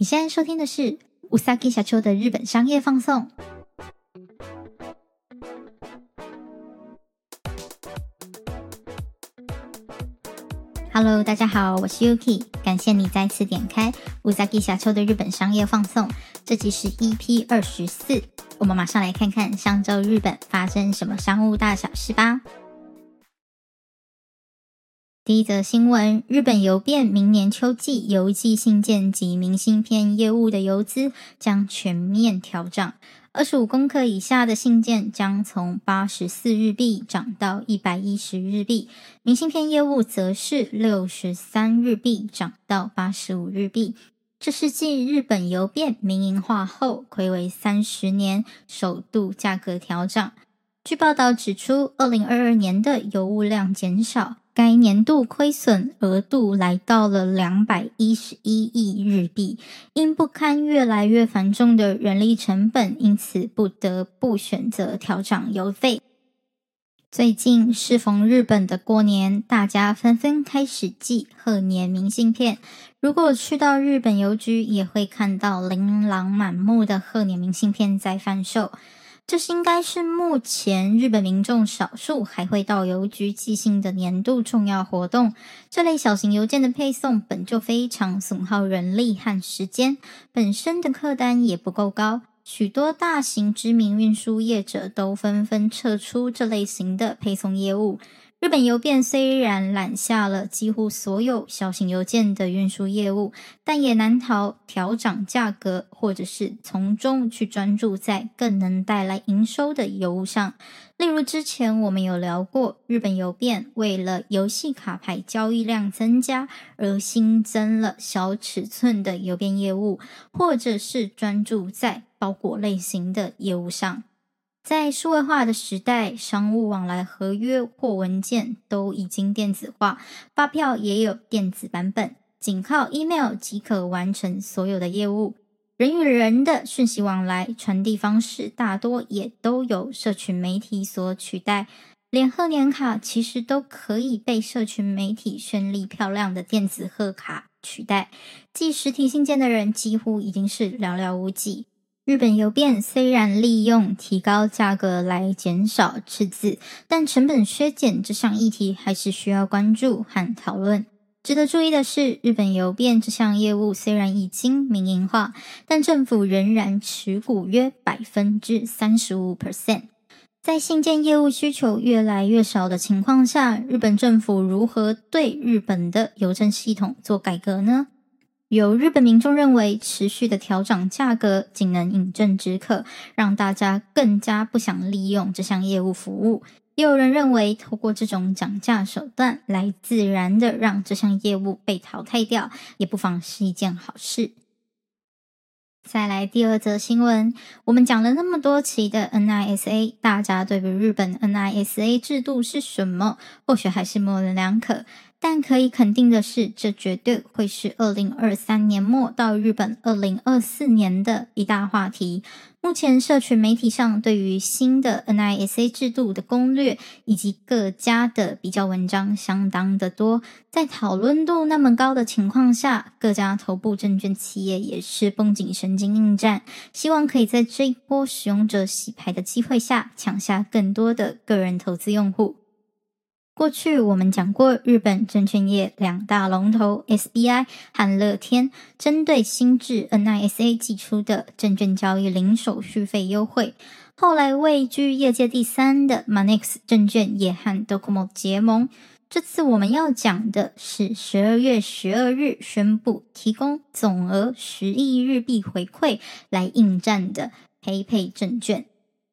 你現在收聽的是うさぎ社長的日本商業放送。Hello，大家好，我是 Yuki，感謝你再次點開うさぎ社長的日本商業放送，這集是 EP 二十四。我們馬上來看看上周日本發生什麼商務大小事吧。一則新聞：日本郵便明年秋季郵寄信件及明信片業務的郵資將全面調漲。二十五公克以下的信件將從八十四日幣漲到一百一十日幣，明信片業務則是六十三日幣漲到八十五日幣。這是繼日本郵便民營化後，暌違三十年首度價格調漲。據報道指出，二零二二年的郵務量減少。該年度虧損額度來到了兩百一十一億日幣，因不堪越來越繁重的人力成本，因此不得不選擇調漲郵費。最近適逢日本的過年，大家紛紛開始寄賀年明信片，如果去到日本郵局，也會看到琳琅滿目的賀年明信片在販售。這是應該是目前日本民眾少數還會到郵局寄信的年度重要活動。這類小型郵件的配送本就非常損耗人力和時間，本身的客單也不夠高，許多大型知名運輸業者都紛紛撤出這類型的配送業務。日本郵便雖然攬下了幾乎所有小型郵件的運輸業務，但也難逃調漲價格，或者是從中去專注在更能帶來營收的業務上。例如之前我們有聊過，日本郵便為了遊戲卡牌交易量增加而新增了小尺寸的郵便業務，或者是專注在包裹類型的業務上。在數位化的時代，商務往來合約或文件都已經電子化，發票也有電子版本，僅靠 email 即可完成所有的業務。人與人的訊息往來傳遞方式，大多也都由社群媒體所取代。連賀年卡其實都可以被社群媒體絢麗漂亮的電子賀卡取代，寄實體信件的人幾乎已經是寥寥無幾。日本郵便雖然利用提高價格來減少赤字，但成本削減這項議題還是需要關注和討論。值得注意的是，日本郵便這項業務雖然已經民營化，但政府仍然持股約百分之三十五 percent。在信件業務需求越來越少的情況下，日本政府如何對日本的郵政系統做改革呢？有日本民眾認為，持續的調漲價格僅能飲鴆止渴，讓大家更加不想利用這項業務服務。也有人認為，透過這種漲價手段來自然地讓這項業務被淘汰掉，也不妨是一件好事。再來第二則新聞，我們講了那麼多期的 NISA，大家對於日本 NISA 制度是什麼，或許還是模棱兩可。但可以肯定的是，這絕對會是二零二三年末到日本二零二四年的一大話題。目前，社群媒體上對於新的 NISA 制度的攻略以及各家的比較文章相當的多。在討論度那麼高的情況下，各家頭部證券企業也是繃緊神經應戰，希望可以在這一波使用者洗牌的機會下搶下更多的個人投資用戶。過去我們講過，日本證券業兩大龍頭 SBI 和樂天針對新制 NISA 寄出的證券交易零手續費優惠。後來位居業界第三的 Manex 證券也和 Docomo 結盟。這次我們要講的是十二月十二日宣佈提供總額十億日幣回饋來應戰的 PayPay 證券。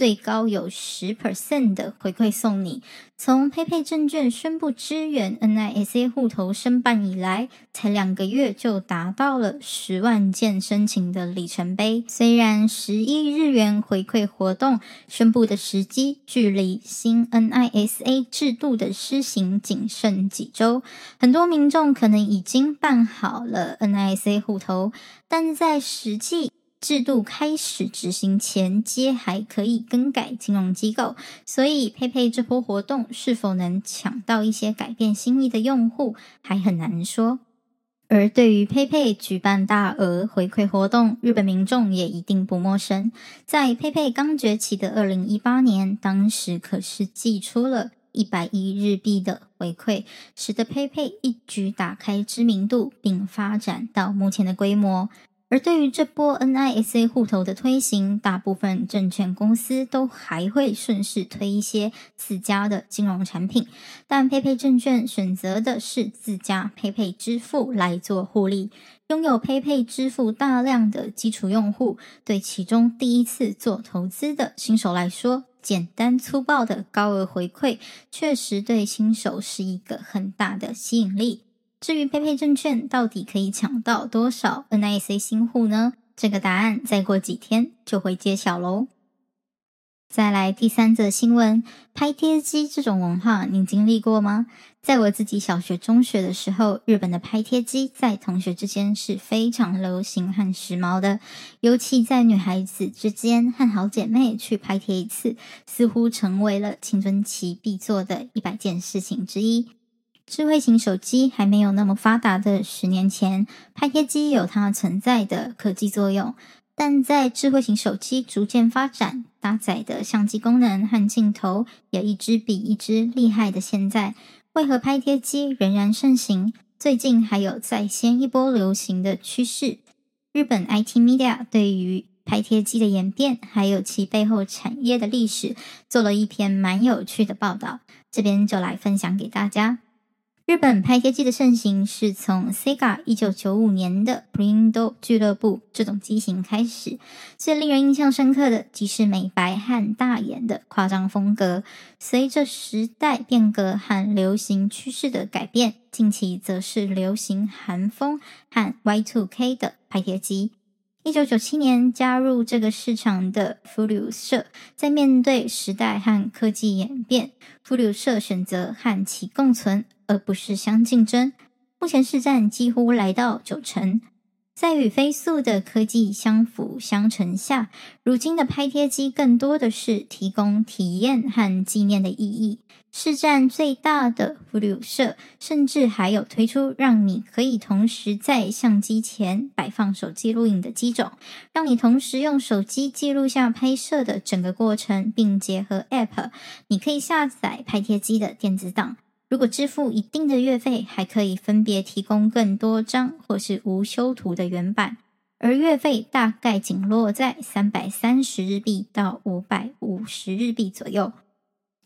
最高有十 percent 的回饋送你。從 PayPay 證券宣布支援 NISA 戶頭申辦以來，才兩個月就達到了十萬件申請的里程碑。雖然十億日元回饋活動宣布的時機距離新 NISA 制度的施行僅剩幾週，很多民眾可能已經辦好了 NISA 戶頭，但在實際制度開始執行前，皆還可以更改金融機構，所以 PayPay 這波活動是否能搶到一些改變心意的用戶還很難說。而對於 PayPay 舉辦大額回饋活動，日本民眾也一定不陌生。在 PayPay 剛崛起的2018年，當時可是祭出了一百億日幣的回饋，使得 PayPay 一舉打開知名度，並發展到目前的規模。而對於這波 NISA 戶頭的推行，大部分證券公司都還會順勢推一些自家的金融產品，但 PayPay 證券選擇的是自家 PayPay 支付來做互利，擁有 PayPay 支付大量的基礎用戶，對其中第一次做投資的新手來說，簡單粗暴的高額回饋，確實對新手是一個很大的吸引力。至於 PayPay 證券到底可以搶到多少 NISA 新戶呢？這個答案再過幾天就會揭曉嘍。再來第三則新聞，拍貼機這種文化你經歷過嗎？在我自己小學、中學的時候，日本的拍貼機在同學之間是非常流行和時髦的，尤其在女孩子之間，和好姐妹去拍貼一次，似乎成為了青春期必做的一百件事情之一。智慧型手機還沒有那麼發達的十年前，拍貼機有它存在的科技作用。但在智慧型手機逐漸發展，搭載的相機功能和鏡頭也一支比一支厲害的現在，為何拍貼機仍然盛行？最近還有再掀一波流行的趨勢。日本 IT Media 對於拍貼機的演變，還有其背後產業的歷史，做了一篇蠻有趣的報道。這邊就來分享給大家。日本拍貼機的盛行是從 Sega 一九九五年的 Print 俱樂部這種機型開始。最令人印象深刻的即是美白和大眼的誇張風格。隨着時代變革和流行趨勢的改變，近期則是流行韓風和 Y2K 的拍貼機。一九九七年加入這個市場的 FURYU 社，在面對時代和科技演變 FURYU 社選擇和其共存。而不是相競爭。目前市占幾乎來到九成，在與飛速的科技相輔相成下，如今的拍貼機更多的是提供體驗和紀念的意義。市占最大的 FURYU 社，甚至還有推出讓你可以同時在相機前擺放手機錄影的機種，讓你同時用手機記錄下拍攝的整個過程，並結合 App，你可以下載拍貼機的電子檔。如果支付一定的月費，還可以分別提供更多張或是無修圖的原版，而月費大概僅落在三百三十日幣到五百五十日幣左右。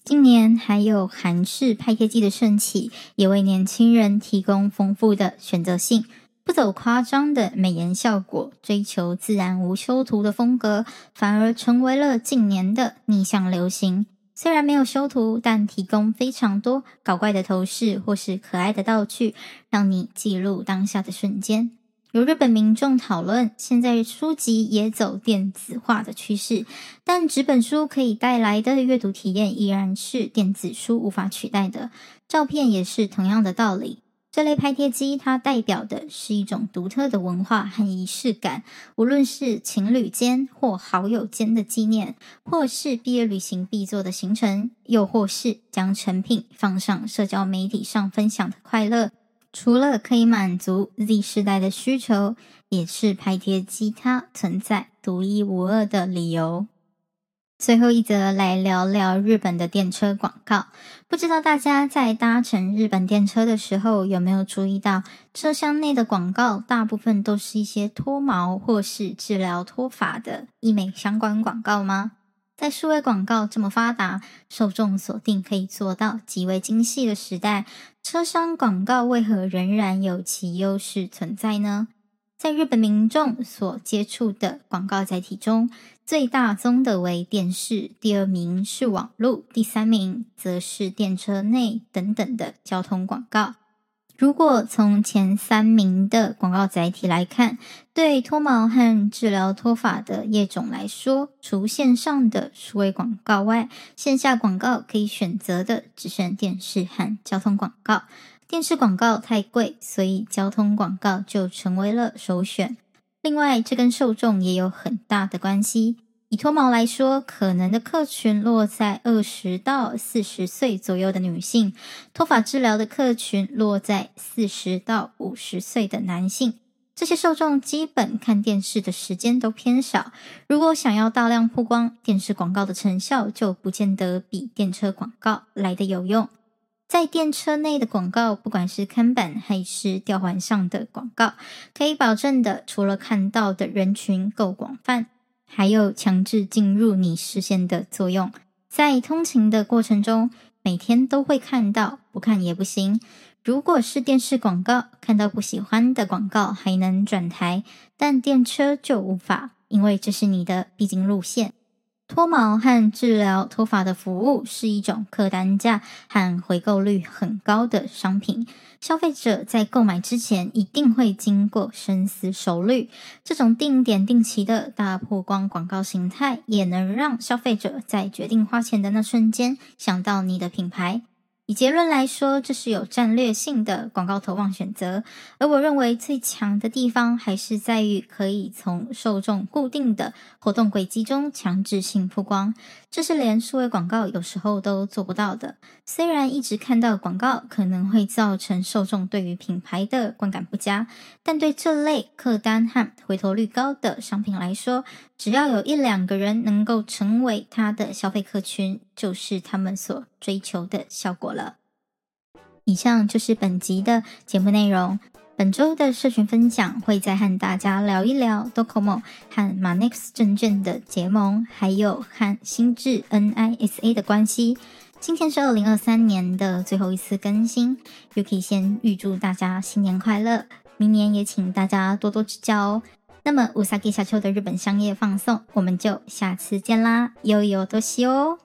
今年還有韓式拍貼機的盛起，也為年輕人提供豐富的選擇性。不走誇張的美顏效果，追求自然無修圖的風格，反而成為了近年的逆向流行。雖然沒有修圖，但提供非常多搞怪的頭飾或是可愛的道具，讓你記錄當下的瞬間。有日本民眾討論，現在書籍也走電子化的趨勢，但紙本書可以帶來的閱讀體驗依然是電子書無法取代的。照片也是同樣的道理。這類拍貼機，它代表的是一種獨特的文化和儀式感。無論是情侶間或好友間的紀念，或是畢業旅行必做的行程，又或是將成品放上社交媒體上分享的快樂，除了可以滿足 Z 世代的需求，也是拍貼機它存在獨一無二的理由。最後一則來聊聊日本的電車廣告。不知道大家在搭乘日本電車的時候，有沒有注意到車廂內的廣告大部分都是一些脫毛或是治療脫髮的醫美相關廣告嗎？在數位廣告這麼發達、受眾鎖定可以做到極為精細的時代，車廂廣告為何仍然有其優勢存在呢？在日本民眾所接觸的廣告載體中，最大宗的為電視，第二名是網絡，第三名則是電車內等等的交通廣告。如果從前三名的廣告載體來看，對脫毛和治療脫髮的業種來說，除線上的數位廣告外，線下廣告可以選擇的只剩電視和交通廣告。電視廣告太貴，所以交通廣告就成為了首選。另外，這跟受眾也有很大的關係。以脫毛來說，可能的客群落在二十到四十歲左右的女性；脫髮治療的客群落在四十到五十歲的男性。這些受眾基本看電視的時間都偏少。如果想要大量曝光，電視廣告的成效就不見得比電車廣告來得有用。在電車內的廣告，不管是看板還是吊環上的廣告，可以保證的，除了看到的人群夠廣泛，還有強制進入你視線的作用。在通勤的過程中，每天都會看到，不看也不行。如果是電視廣告，看到不喜歡的廣告還能轉台，但電車就無法，因為這是你的必經路線。脫毛和治療脫髮的服務是一種客單價和回購率很高的商品，消費者在購買之前一定會經過深思熟慮。這種定點定期的大曝光廣告形態，也能讓消費者在決定花錢的那瞬間想到你的品牌。以結論來說，這是有戰略性的廣告投放選擇，而我認為最強的地方還是在於可以從受眾固定的活動軌跡中強制性曝光，這是連數位廣告有時候都做不到的。雖然一直看到廣告可能會造成受眾對於品牌的觀感不佳，但對這類客單和回頭率高的商品來說，只要有一兩個人能夠成為他的消費客群，就是他們所追求的效果了。以上就是本集的節目內容。本周的社群分享會再和大家聊一聊 Docomo 和 Monex 證券的結盟，還有和新制 NISA 的關係。今天是二零二三年的最後一次更新，又可以先預祝大家新年快樂，明年也請大家多多指教哦。那麼，うさぎ社長的日本商業放送，我們就下次見啦，優遊多西哦。